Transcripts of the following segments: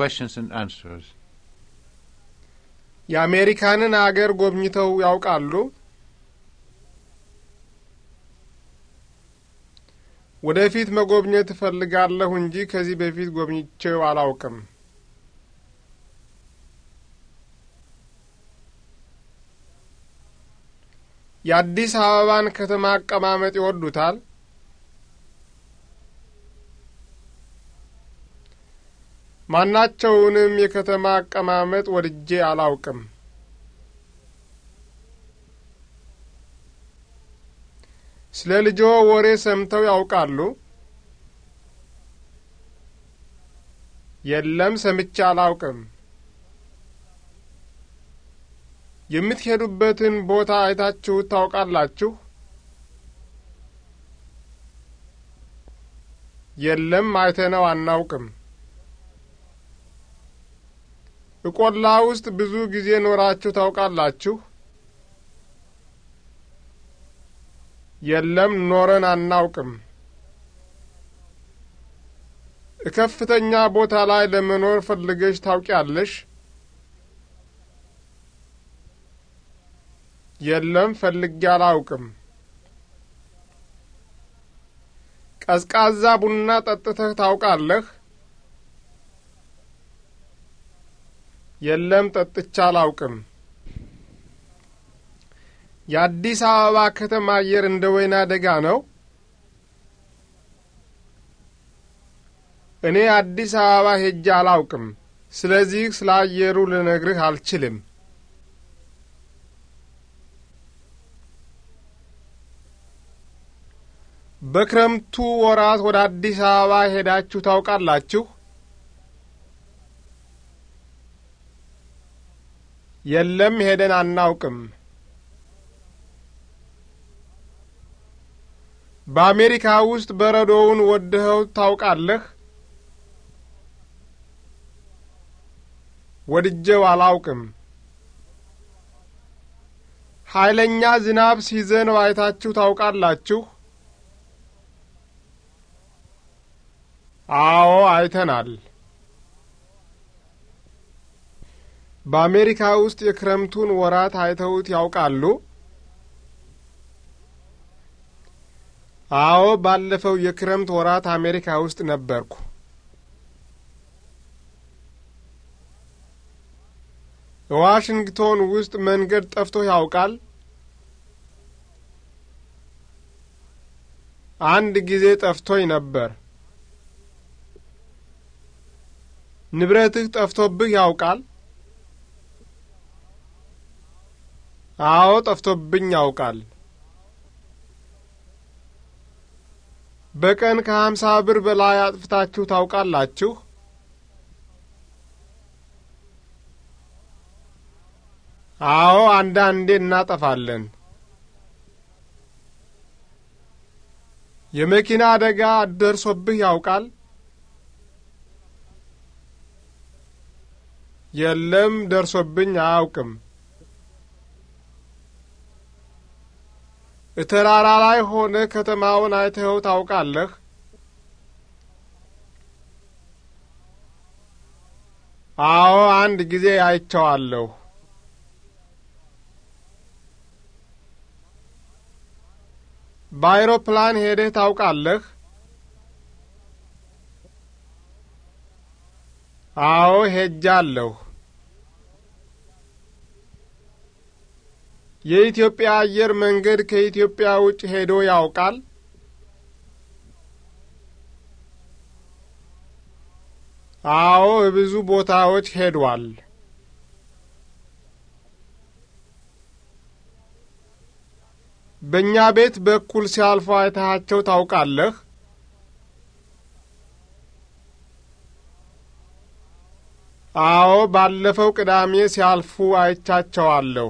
questions and answers የአሜሪካንን አገር ጎብኝተው ያውቃሉ? ወደፊት መጎብኘት እፈልጋለሁ እንጂ ከዚህ በፊት ጎብኝቼው አላውቅም። የአዲስ አበባን ከተማ አቀማመጥ ይወዱታል? ማናቸውንም የከተማ አቀማመጥ ወድጄ አላውቅም። ስለ ልጆ ወሬ ሰምተው ያውቃሉ? የለም፣ ሰምቼ አላውቅም። የምትሄዱበትን ቦታ አይታችሁት ታውቃላችሁ? የለም፣ አይተነው አናውቅም። እቆላ ውስጥ ብዙ ጊዜ ኖራችሁ ታውቃላችሁ? የለም፣ ኖረን አናውቅም። እከፍተኛ ቦታ ላይ ለመኖር ፈልገሽ ታውቂያለሽ? የለም፣ ፈልጌ አላውቅም። ቀዝቃዛ ቡና ጠጥተህ ታውቃለህ? የለም ጠጥቻ አላውቅም። የአዲስ አበባ ከተማ አየር እንደ ወይና ደጋ ነው። እኔ አዲስ አበባ ሄጄ አላውቅም። ስለዚህ ስለ አየሩ ልነግርህ አልችልም። በክረምቱ ወራት ወደ አዲስ አበባ ሄዳችሁ ታውቃላችሁ? የለም ሄደን አናውቅም። በአሜሪካ ውስጥ በረዶውን ወድኸው ታውቃለህ? ወድጀው አላውቅም። ኃይለኛ ዝናብ ሲዘን አይታችሁ ታውቃላችሁ? አዎ አይተናል። በአሜሪካ ውስጥ የክረምቱን ወራት አይተውት ያውቃሉ? አዎ፣ ባለፈው የክረምት ወራት አሜሪካ ውስጥ ነበርኩ። ዋሽንግቶን ውስጥ መንገድ ጠፍቶ ያውቃል? አንድ ጊዜ ጠፍቶኝ ነበር። ንብረትህ ጠፍቶብህ ያውቃል? አዎ ጠፍቶብኝ ያውቃል። በቀን ከሀምሳ ብር በላይ አጥፍታችሁ ታውቃላችሁ? አዎ አንዳንዴ እናጠፋለን። የመኪና አደጋ ደርሶብህ ያውቃል? የለም፣ ደርሶብኝ አያውቅም። እተራራ ላይ ሆነ ከተማውን አይተኸው ታውቃለህ? አዎ፣ አንድ ጊዜ አይቸዋለሁ። በአይሮፕላን ሄደህ ታውቃለህ? አዎ፣ ሄጃለሁ። የኢትዮጵያ አየር መንገድ ከኢትዮጵያ ውጭ ሄዶ ያውቃል? አዎ፣ ብዙ ቦታዎች ሄዷል። በእኛ ቤት በኩል ሲያልፉ አይተሃቸው ታውቃለህ? አዎ፣ ባለፈው ቅዳሜ ሲያልፉ አይቻቸዋለሁ።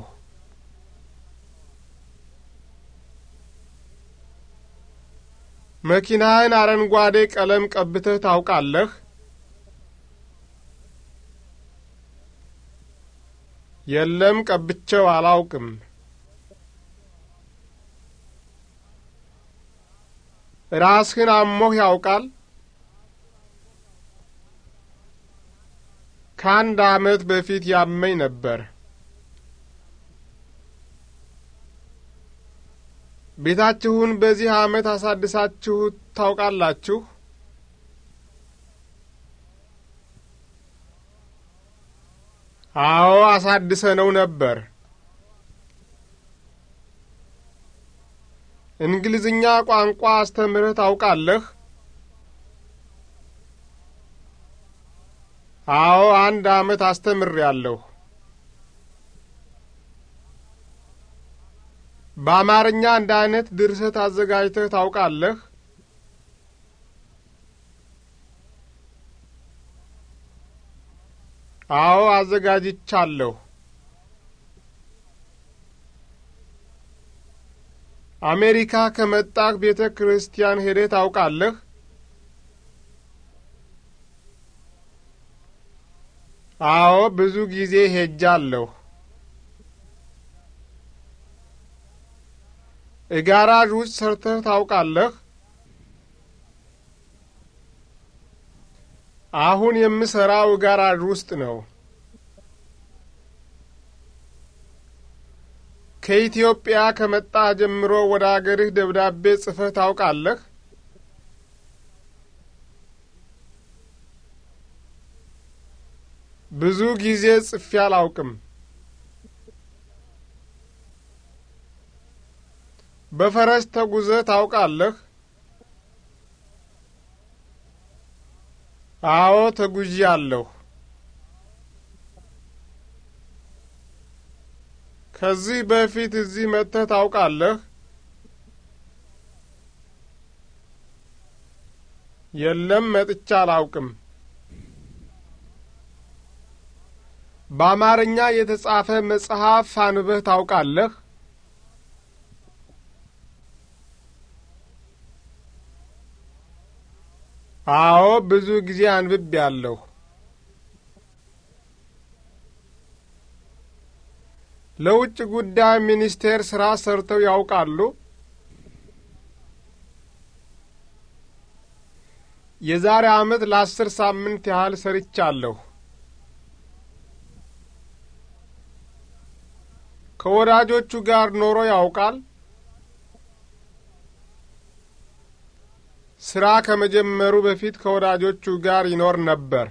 መኪናህን አረንጓዴ ቀለም ቀብተህ ታውቃለህ? የለም፣ ቀብቸው አላውቅም። ራስህን አሞህ ያውቃል? ከአንድ ዓመት በፊት ያመኝ ነበር። ቤታችሁን በዚህ ዓመት አሳድሳችሁ ታውቃላችሁ? አዎ አሳድሰነው ነበር። እንግሊዝኛ ቋንቋ አስተምረህ ታውቃለህ? አዎ አንድ ዓመት አስተምሬያለሁ። በአማርኛ እንደ አይነት ድርሰት አዘጋጅተህ ታውቃለህ? አዎ፣ አዘጋጅቻለሁ። አሜሪካ ከመጣህ ቤተ ክርስቲያን ሄደህ ታውቃለህ? አዎ፣ ብዙ ጊዜ ሄጃለሁ። ጋራዥ ውስጥ ሰርተህ ታውቃለህ? አሁን የምሰራው ጋራዥ ውስጥ ነው። ከኢትዮጵያ ከመጣ ጀምሮ ወደ አገርህ ደብዳቤ ጽፈህ ታውቃለህ? ብዙ ጊዜ ጽፌ አላውቅም። በፈረስ ተጉዘህ ታውቃለህ? አዎ ተጉዤ አለሁ። ከዚህ በፊት እዚህ መጥተህ ታውቃለህ? የለም፣ መጥቼ አላውቅም። በአማርኛ የተጻፈ መጽሐፍ አንበህ ታውቃለህ? አዎ ብዙ ጊዜ ያለሁ። ለውጭ ጉዳይ ሚኒስቴር ስራ ሰርተው ያውቃሉ? የዛሬ ዓመት ለአስር ሳምንት ያህል ሰርቻለሁ። ከወዳጆቹ ጋር ኖሮ ያውቃል? ሥራ ከመጀመሩ በፊት ከወዳጆቹ ጋር ይኖር ነበር።